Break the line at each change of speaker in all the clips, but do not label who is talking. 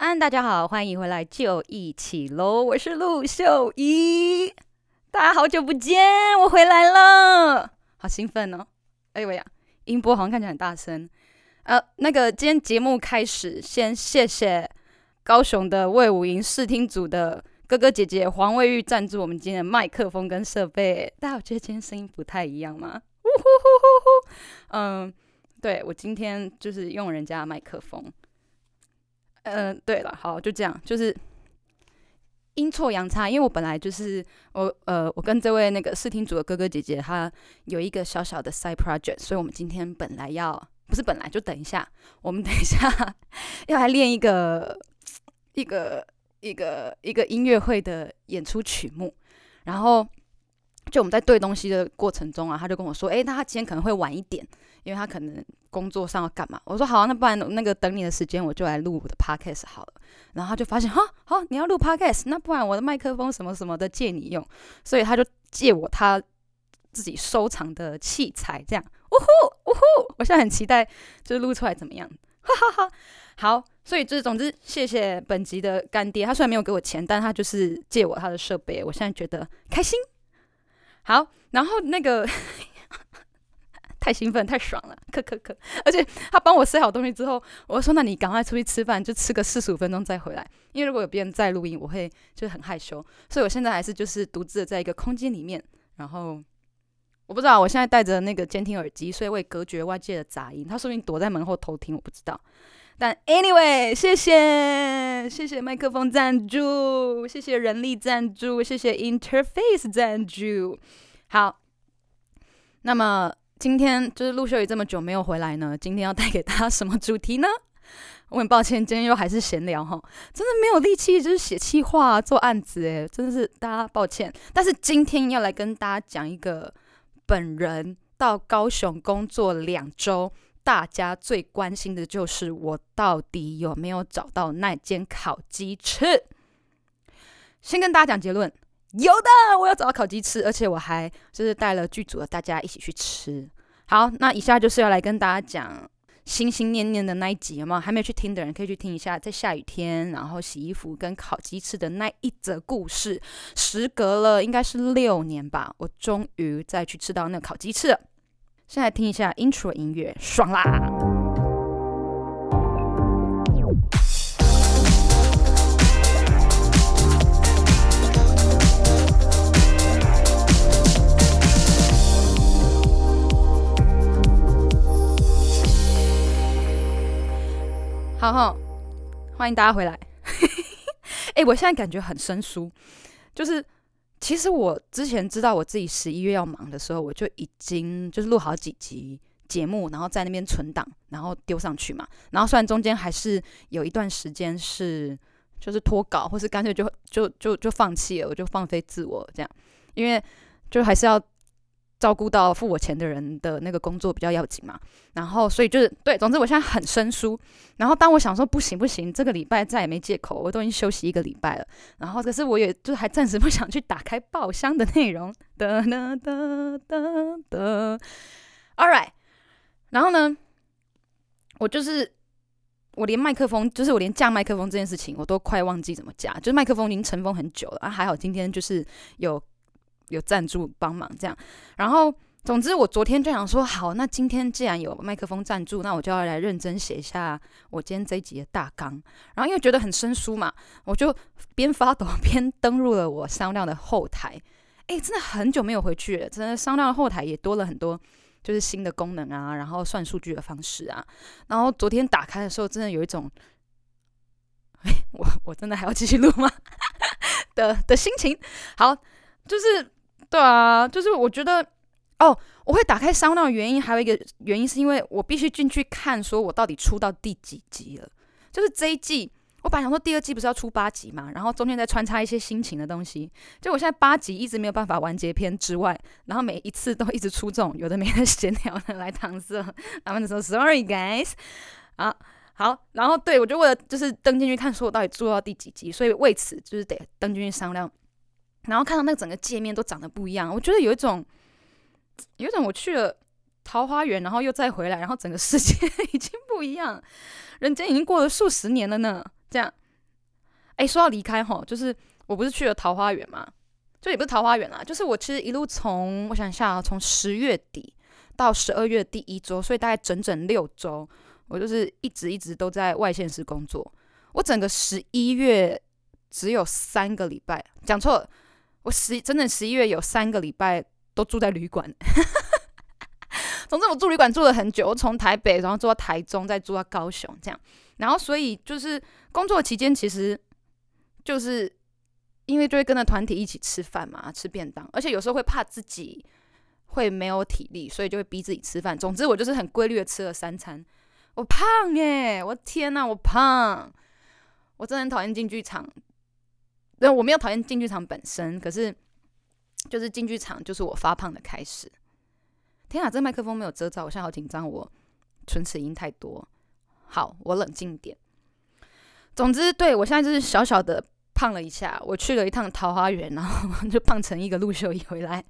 安、嗯，大家好，歡迎回來就一起嘍！我是陸秀怡。大家好久不見，我回來了，好興奮哦！哎呦喂呀，音波好像看起來很大聲。呃、啊，那個今天節目開始，先謝謝高雄的衛武營視聽組的哥哥姐姐黃尉育贊助我們今天的麥克風跟設備。大家有覺得今天聲音不太一樣嗎？嗚、呃、嗯，對我今天就是用人家的麥克風。嗯、呃，對了，好，就這樣，就是陰錯陽差，因為我本來就是我，呃，我跟這位那個視聽組的哥哥姐姐他有一個小小的 side project，所以我們今天本來要，不是本來就等一下，我們等一下要來練一個一個一個一個音樂會的演出曲目，然後。就我們在對東西的過程中啊，他就跟我說：“誒，那他今天可能會晚一點，因為他可能工作上要幹嘛。”我說：“好啊，那不然那個等你的時間，我就來錄我的 podcast 好了。”然後他就發現：“哈，好，你要錄 podcast，那不然我的麥克風什麼什麼的借你用。”所以他就借我他自己收藏的器材，這樣。嗚呼嗚呼，我現在很期待，就是錄出來怎麼樣？哈哈哈。好，所以就是總之，謝謝本集的乾爹，他雖然沒有給我錢，但他就是借我他的設備，我現在覺得開心。好，然後那個太興奮太爽了，可可可，而且他幫我塞好東西之後，我說：“那你趕快出去吃飯，就吃個四十五分鐘再回來。因為如果有別人在錄音，我會就是很害羞，所以我現在還是就是獨自的在一個空間裡面。然後我不知道，我現在戴着那個監聽耳機，所以我也隔絕外界的雜音。他說不定躲在門後偷聽，我不知道。”但 Anyway，謝謝謝謝麥克風贊助，謝謝人力贊助，謝謝 Interface 贊助。好，那麼今天就是陸秀宜這麼久沒有回來呢，今天要帶給大家什麼主題呢？我很抱歉，今天又還是閒聊哈，真的沒有力氣，就是寫企劃、做案子誒，真的是大家抱歉。但是今天要來跟大家講一個，本人到高雄工作兩周。大家最關心的就是我到底有沒有找到那間烤雞翅？先跟大家講結論，有的，我有找到烤雞翅，而且我還就是帶了劇組的大家一起去吃。好，那以下就是要來跟大家講心心念念的那一集嘛，還沒有去聽的人可以去聽一下，在下雨天然後洗衣服跟烤雞翅的那一則故事。時隔了應該是六年吧，我終於再去吃到那烤雞翅。現在聽一下 intro 音樂，爽啦！好好，歡迎大家回來。哎、 欸，我現在感覺很生疏，就是。其實我之前知道我自己十一月要忙的時候，我就已經就是錄好幾集節目，然後在那邊存檔，然後丟上去嘛。然後雖然中間還是有一段時間是就是脫稿，或是乾脆就就就就就放棄了，我就放飛自我這樣，因為就還是要。照顧到付我錢的人的那個工作比較要緊嘛，然後所以就是對，總之我現在很生疏。然後當我想說不行不行，這個禮拜再也沒借口，我都已經休息一個禮拜了。然後可是我也就還暫時不想去打開爆箱的內容。噠噠噠噠噠，All right，然後呢，我就是我連麥克風，就是我連架麥克風這件事情，我都快忘記怎麼架，就是麥克風已經塵封很久了啊。還好今天就是有。有贊助幫忙這樣，然後總之我昨天就想說，好，那今天既然有麥克風贊助，那我就要來認真寫一下我今天這一集的大綱。然後因為覺得很生疏嘛，我就邊發抖邊登錄了我商量的後台。哎，真的很久沒有回去了，真的商量的後台也多了很多，就是新的功能啊，然後算數據的方式啊。然後昨天打開的時候，真的有一種，哎，我我真的還要繼續錄嗎的的心情，好，就是。對啊，就是我覺得，哦，我會打開商量的原因還有一個原因，是因為我必須進去看，說我到底出到第幾集了。就是這一季，我本來想說第二季不是要出八集嘛，然後中間再穿插一些心情的東西。就我現在八集一直沒有辦法完結篇之外，然後每一次都一直出這種，有的沒的閒聊的來搪塞。然後就說，sorry guys，啊，好，好，然後對，我就為了就是登進去看，說我到底出到第幾集，所以為此就是得登進去商量。然後看到那個整個界面，都長得不一樣，我覺得有一種，有一種我去了桃花源，然後又再回來，然後整個世界已經不一樣，人間已經過了數十年了呢。這樣，哎，說要離開吼，就是我不是去了桃花源嘛，就也不是桃花源啦，就是我其實一路從我想一下啊，從十月底到十二月第一周，所以大概整整六周，我就是一直一直都在外縣市工作。我整個十一月只有三個禮拜，講錯了。我十，整整十一月有三個禮拜都住在旅館，哈哈哈哈哈。總之我住旅館住了很久，我從台北然後住到台中，再住到高雄這樣，然後所以就是工作期間其實就是因為就會跟着團體一起吃飯嘛，吃便當，而且有時候會怕自己會沒有體力，所以就會逼自己吃飯。總之我就是很規律的吃了三餐，我胖耶，我天哪，我胖！我真的很討厭進劇場。對，我沒有討厭進劇場本身，可是就是進劇場就是我發胖的開始。天啊，這麥克風沒有遮罩，我現在好緊張，我唇齒音太多。好，我冷靜點。總之，對，我現在就是小小的胖了一下。我去了一趟桃花源，然後我就胖成一個陸秀一回來。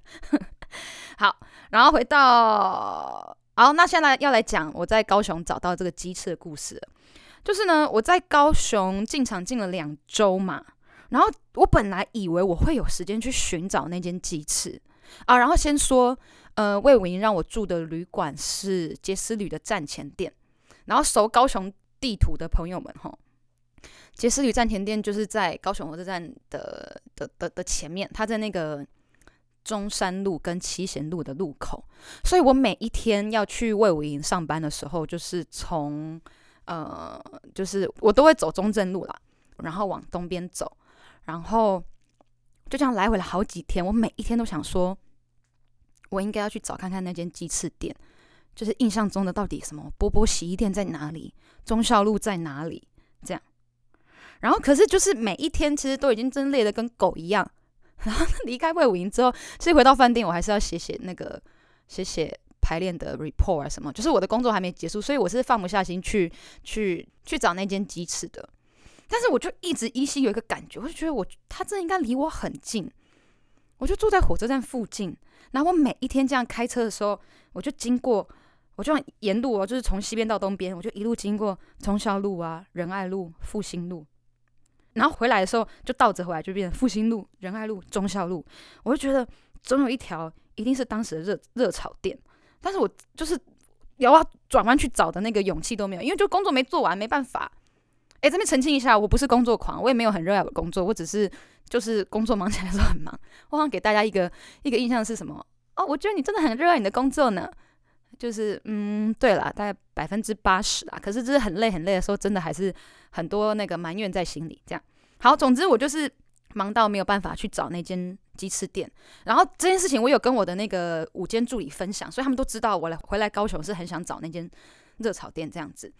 好，然後回到好，那現在要來講我在高雄找到這個雞翅的故事了。就是呢，我在高雄進場進了兩週嘛。然後我本來以為我會有時間去尋找那間雞翅啊，然後先說，呃，衛武營讓我住的旅館是傑斯旅的站前店。然後熟高雄地圖的朋友們吼，傑斯旅站前店就是在高雄火車站的的的的前面，它在那個中山路跟七賢路的路口。所以我每一天要去衛武營上班的時候，就是從呃，就是我都會走中正路啦，然後往東邊走。然後就這樣來回了好幾天，我每一天都想說，我應該要去找看看那間雞翅店，就是印象中的到底什麼波波洗衣店在哪裡，忠孝路在哪裡這樣。然後可是就是每一天其實都已經真累的跟狗一樣。然後離開衛武營之後，所以回到飯店，我還是要寫寫那個寫寫排練的 report 啊什麼，就是我的工作還沒結束，所以我是放不下心去去去找那間雞翅的。但是我就一直依稀有一個感覺，我就覺得我他真的應該離我很近。我就住在火車站附近，然後我每一天這樣開車的時候，我就經過，我就沿路哦，就是從西邊到東邊，我就一路經過忠孝路啊、仁愛路、復興路，然後回來的時候就倒着回來，就變成復興路、仁愛路、忠孝路。我就覺得總有一條一定是當時的熱熱炒店，但是我就是要要轉彎去找的那個勇氣都沒有，因為就工作沒做完，沒辦法。哎，欸、這邊澄清一下，我不是工作狂，我也沒有很熱愛我的工作，我只是就是工作忙起來的時候很忙。我想給大家一個一個印象是什麼？哦，我覺得你真的很熱愛你的工作呢。就是，嗯，對啦，大概百分之八十啦。可是就是很累很累的時候，真的還是很多那個埋怨在心裡。這樣，好，總之我就是忙到沒有辦法去找那間雞翅店。然後這件事情我有跟我的那個五間助理分享，所以他們都知道我來回來高雄是很想找那間熱炒店這樣子。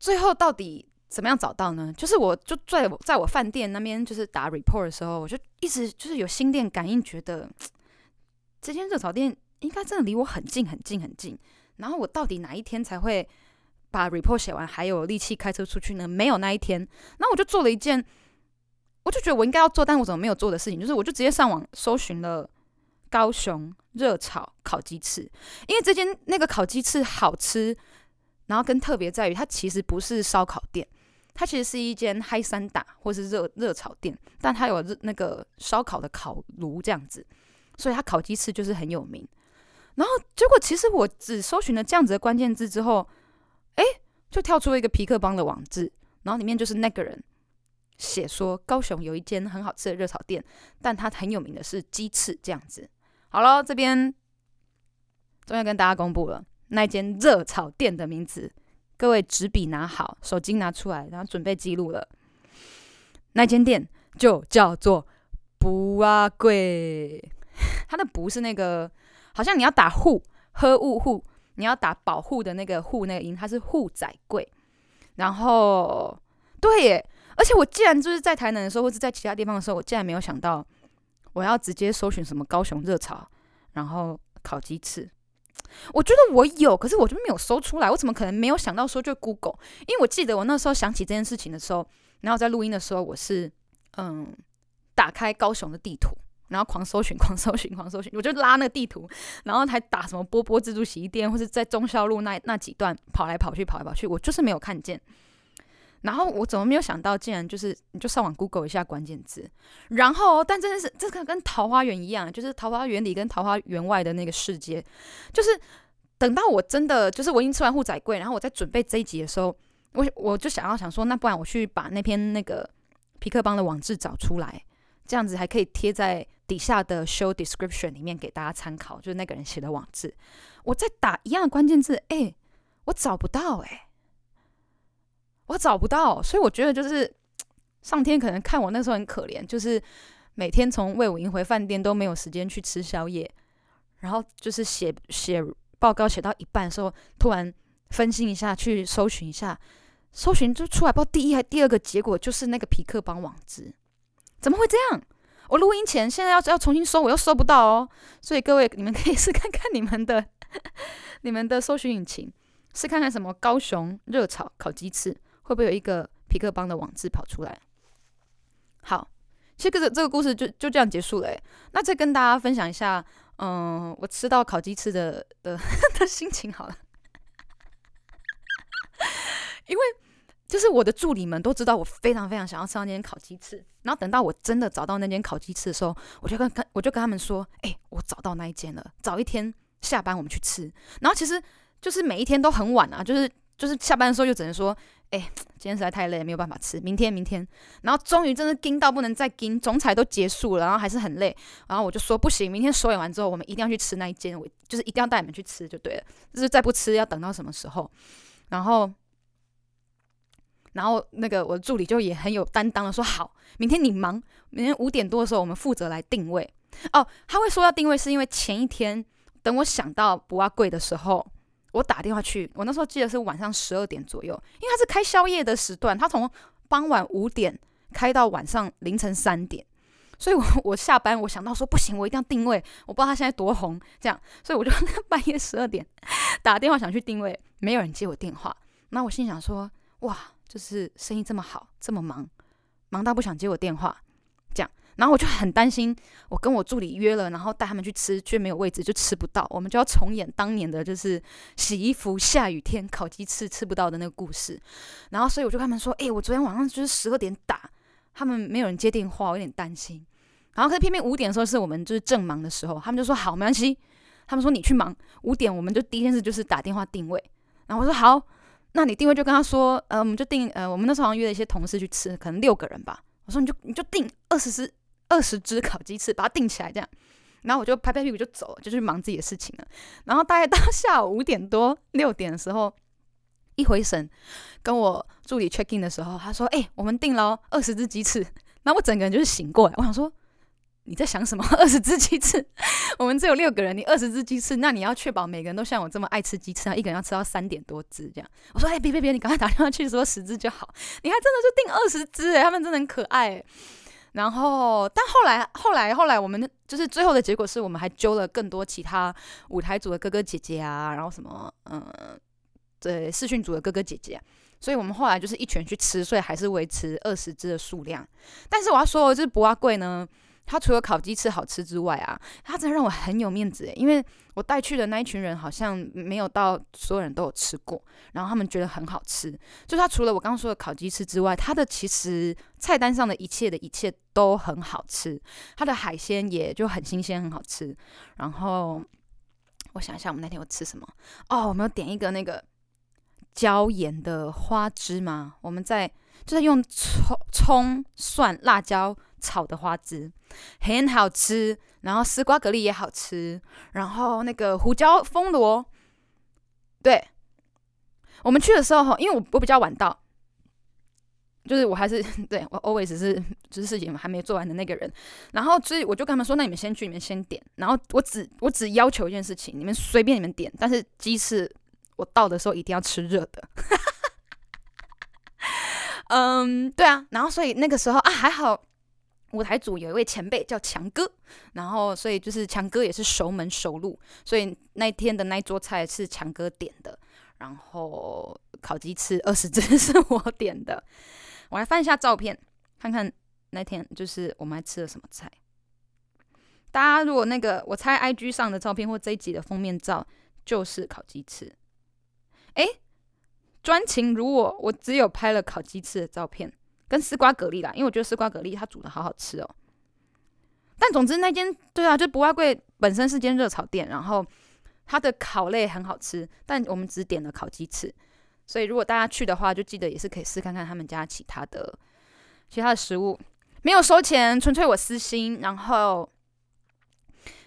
最後到底。怎麼樣找到呢？就是我就在我在我飯店那邊，就是打 report 的時候，我就一直就是有心電感應，覺得這間熱炒店應該真的離我很近很近很近。然後我到底哪一天才會把 report 寫完，還有力氣開車出去呢？沒有那一天。然後我就做了一件，我就覺得我應該要做，但我怎麼沒有做的事情，就是我就直接上網搜尋了高雄熱炒烤雞翅，因為這間那個烤雞翅好吃，然後更特別在於它其實不是燒烤店。它其實是一間海產店或是熱熱炒店，但它有熱那個燒烤的烤爐這樣子，所以它烤雞翅就是很有名。然後結果其實我只搜尋了這樣子的關鍵字之後，哎，就跳出了一個痞客邦的網誌，然後裡面就是那個人寫說高雄有一間很好吃的熱炒店，但它很有名的是雞翅這樣子。好了，這邊終於跟大家公布了那間熱炒店的名字。各位，紙筆拿好，手機拿出來，然後準備記錄了。那間店就叫做瓠仔貴，它的瓠，是那個好像你要打護，呵護護，你要打保護的那個護那個音，它是瓠仔貴。然後，對耶，而且我既然就是在台南的時候，或者在其他地方的時候，我竟然沒有想到我要直接搜尋什麼高雄熱炒，然後烤雞翅。我覺得我有，可是我就沒有搜出來。我怎麼可能沒有想到說就 Google？因為我記得我那時候想起這件事情的時候，然後在錄音的時候，我是嗯打開高雄的地圖，然後狂搜尋、狂搜尋、狂搜尋，我就拉那個地圖，然後還打什麼波波自助洗衣店，或是在忠孝路那那幾段跑來跑去、跑來跑去，我就是沒有看見。然後我怎麼沒有想到，竟然就是你就上網 Google 一下關鍵字，然後但真的是這個跟桃花源一樣，就是桃花源裡跟桃花源外的那個世界，就是等到我真的就是我已經吃完瓠仔貴，然後我在準備這一集的時候，我我就想要想說，那不然我去把那篇那個痞客邦的網誌找出來，這樣子還可以貼在底下的 Show Description 裡面給大家參考，就是那個人寫的網誌，我在打一樣關鍵字，哎、欸，我找不到、欸，哎。我找不到，所以我覺得就是上天可能看我那時候很可憐，就是每天從衛武營回飯店都沒有時間去吃宵夜，然後就是寫寫報告寫到一半的時候，突然分心一下去搜尋一下，搜尋就出來不第一還第二個結果就是那個痞客邦網址，怎麼會這樣？我錄音前現在要要重新搜，我又搜不到哦。所以各位你們可以試看看你們的你們的搜尋引擎試看看什麼高雄熱炒烤雞翅。會不會有一個痞客邦的網誌跑出來？好，其實這個這個故事就就這樣結束了，欸。那再跟大家分享一下，嗯，我吃到烤雞翅的的的心情好了， 因為就是我的助理們都知道我非常非常想要吃到那間烤雞翅，然後等到我真的找到那間烤雞翅的時候，我就跟跟我就跟他們說，哎，欸，我找到那一間了，找一天下班我們去吃。然後其實就是每一天都很晚啊，就是就是下班的時候就只能說。哎，今天實在太累了，沒有辦法吃。明天，明天，然後終於真的盯到不能再盯，總裁都結束了，然後還是很累。然後我就說不行，明天收音完之後，我們一定要去吃那一間，我就是一定要帶你們去吃就對了。就是再不吃要等到什麼時候？然後，然後那個我的助理就也很有擔當的說好，明天你忙，明天五點多的時候我們負責來訂位。哦，他會說要訂位是因為前一天等我想到瓠仔貴的時候。我打電話去，我那時候記得是晚上十二點左右，因為他是開宵夜的時段，他從傍晚五點開到晚上凌晨三點，所以我我下班我想到說不行，我一定要定位，我不知道他現在多紅這樣，所以我就 半夜十二點打電話想去定位，沒有人接我電話，那我心想說哇，就是生意這麼好，這麼忙，忙到不想接我電話。然後我就很擔心，我跟我助理約了，然後帶他們去吃，卻沒有位置，就吃不到。我們就要重演當年的就是洗衣服下雨天烤雞翅吃，吃不到的那個故事。然後，所以我就跟他們說：“誒、欸，我昨天晚上就是十二點打，他們沒有人接電話，我有點擔心。”然後，可是偏偏五點的時候是我們就是正忙的時候，他們就說：“好，沒關係。”他們說：“你去忙。”五點我們就第一件事就是打電話定位。然後我說：“好，那你定位就跟他說，呃，我們就定，呃，我們那時候好像約了一些同事去吃，可能六個人吧。”我說你：“你就你就定二十四二十隻烤雞翅，把它訂起來，這樣，然後我就拍拍屁股就走了，就去忙自己的事情了。然後大概到下午五點多六點的時候，一回神，跟我助理 check in 的時候，他說：“哎、欸，我們訂了二十隻雞翅。”那我整個人就是醒過來，我想說你在想什麼？二十隻雞翅，我們只有六個人，你二十隻雞翅，那你要確保每個人都像我這麼愛吃雞翅啊，一個人要吃到三點多隻這樣。我說：“哎、欸，別別別，你趕快打電話去說十隻就好，你還真的就訂二十隻哎、欸，他們真的很可愛、欸然後，但後來、後來、後來，我們就是最後的結果是，我們還揪了更多其他舞台組的哥哥姐姐啊，然後什麼，嗯，對，視訊組的哥哥姐姐，所以我們後來就是一群去吃，所以還是維持二十隻的數量。但是我要說的就是，瓠仔貴呢。它除了烤雞翅好吃之外啊，它真的讓我很有面子欸，因為我帶去的那一群人好像沒有到所有人都有吃過，然後他們覺得很好吃。就它除了我剛剛說的烤雞翅之外，它的其實菜單上的一切的一切都很好吃，它的海鮮也就很新鮮很好吃。然後我想一下，我們那天有吃什麼？哦，我們要點一個那個椒鹽的花枝嗎？我們在就是用蔥、蔥、蒜、辣椒。炒的花枝很好吃，然後絲瓜蛤蜊也好吃，然後那個胡椒鳳螺，對，我們去的時候，因為我我比較晚到，就是我還是對我 always 是只，就是事情還沒做完的那個人，然後所以我就跟他們說，那你們先去，你們先點，然後我只我只要求一件事情，你們隨便你們點，但是雞翅我到的時候一定要吃熱的，嗯、 um,，對啊，然後所以那個時候啊還好。舞臺組有一位前輩叫強哥，然後所以就是強哥也是熟門熟路，所以那天的那一桌菜是強哥點的，然後烤雞翅二十隻是我點的，我來翻一下照片，看看那天就是我們還吃了什麼菜。大家如果那個我猜 IG 上的照片或這一集的封面照就是烤雞翅，哎、欸，專情如我，我只有拍了烤雞翅的照片。跟絲瓜蛤蜊啦，因為我覺得絲瓜蛤蜊它煮的好好吃哦、喔。但總之那間對啊，就不外貴本身是間熱炒店，然後它的烤類很好吃，但我們只點了烤雞翅。所以如果大家去的話，就記得也是可以試看看他們家其他的其他的食物。沒有收錢，純粹我私心，然後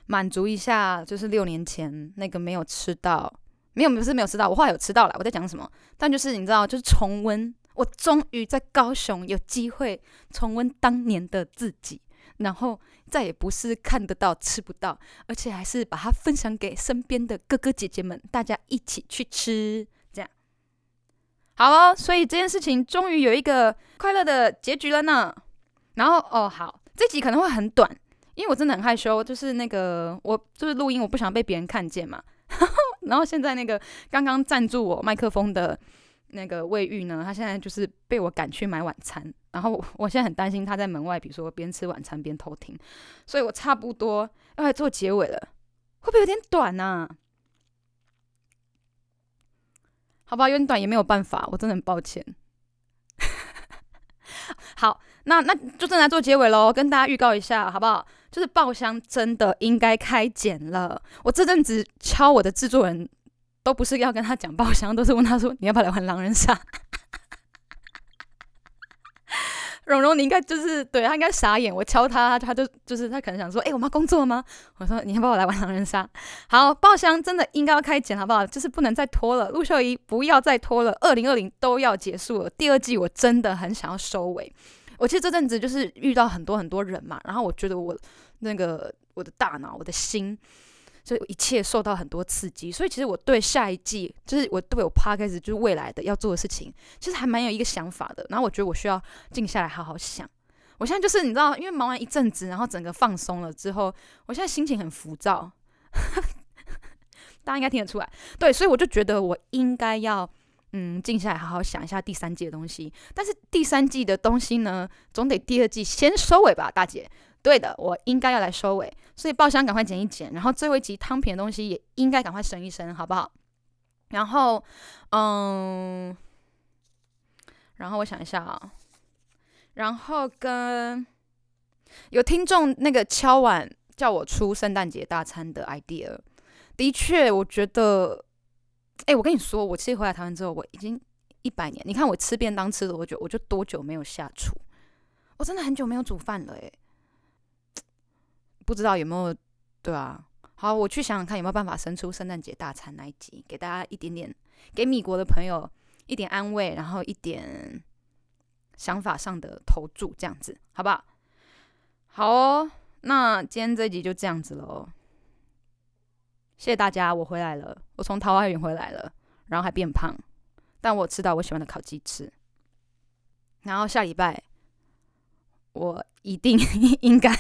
滿足一下，就是六年前那個沒有吃到，沒有，不是沒有吃到，我後來有吃到了。我在講什麼？但就是你知道，就是重溫。我終於在高雄有機會重溫當年的自己，然後再也不是看得到吃不到，而且還是把它分享給身邊的哥哥姐姐們，大家一起去吃，這樣好哦。所以這件事情終於有一個快樂的結局了呢。然後哦，好，這集可能會很短，因為我真的很害羞，就是那個我就是錄音，我不想被別人看見嘛。 然後現在那個剛剛贊助我麥克風的。那個尉育呢？他現在就是被我趕去買晚餐，然後我現在很擔心他在門外，比如說我邊吃晚餐邊偷聽，所以我差不多要來做結尾了，會不會有點短呢？啊？好不好？有點短也沒有辦法，我真的很抱歉。 好，那那就正在做結尾嘍，跟大家預告一下好不好？就是爆箱真的應該開剪了，我這陣子敲我的制作人，都不是要跟他講爆箱，都是問他說：“你要不要來玩狼人殺？” 蓉蓉，你應該就是對他應該傻眼。我敲他，他就就是他可能想說：“哎、欸，我們要工作了嗎？”我說：“你要不要來玩狼人殺？”好，爆箱真的應該要開剪好不好？就是不能再拖了，陸秀怡不要再拖了。二零二零都要結束了，第二季我真的很想要收尾。我其實這陣子就是遇到很多很多人嘛，然後我覺得我那個我的大腦，我的心。所以，一切受到很多刺激，所以其實我對下一季，就是我對我 podcast 就是未來的要做的事情，其實還蠻有一個想法的。然後我覺得我需要靜下來好好想。我現在就是你知道，因為忙完一陣子，然後整個放鬆了之後，我現在心情很浮躁， 大家應該聽得出來。對，所以我就覺得我應該要嗯，靜下來好好想一下第三季的東西。但是第三季的東西呢，總得第二季先收尾吧，大姐。對的，我應該要來收尾，所以爆箱趕快剪一剪，然後最後一集湯品的東西也應該趕快升一升，好不好？然後，嗯，然後我想一下啊、哦，然後跟有聽眾那個敲碗叫我出聖誕節大餐的 idea，的確，我覺得，哎，我跟你說，我其實回來台灣之後，我已經一百年，你看我吃便當吃了多久，我就多久沒有下廚，我真的很久沒有煮飯了誒，哎。不知道有沒有對啊？好，我去想想看有沒有辦法生出聖誕節大餐那一集，給大家一點點，給米國的朋友一點安慰，然後一點想法上的投注，這樣子，好不好？好哦，那今天這一集就這樣子嘍。謝謝大家，我回來了，我從桃花源回來了，然後還變胖，但我吃到我喜歡的烤雞翅。然後下禮拜我一定應該。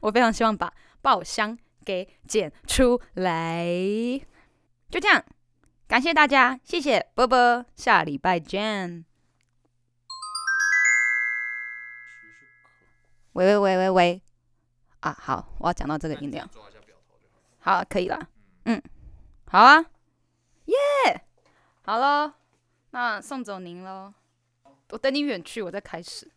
我非常希望把爆箱給剪出來，就這樣，感謝大家，謝謝波波，下禮拜見。喂喂喂喂喂，啊好，我要講到這個音量。好，可以了，嗯，好啊，耶，好嘍，那送走您嘍，我等你遠去，我再開始。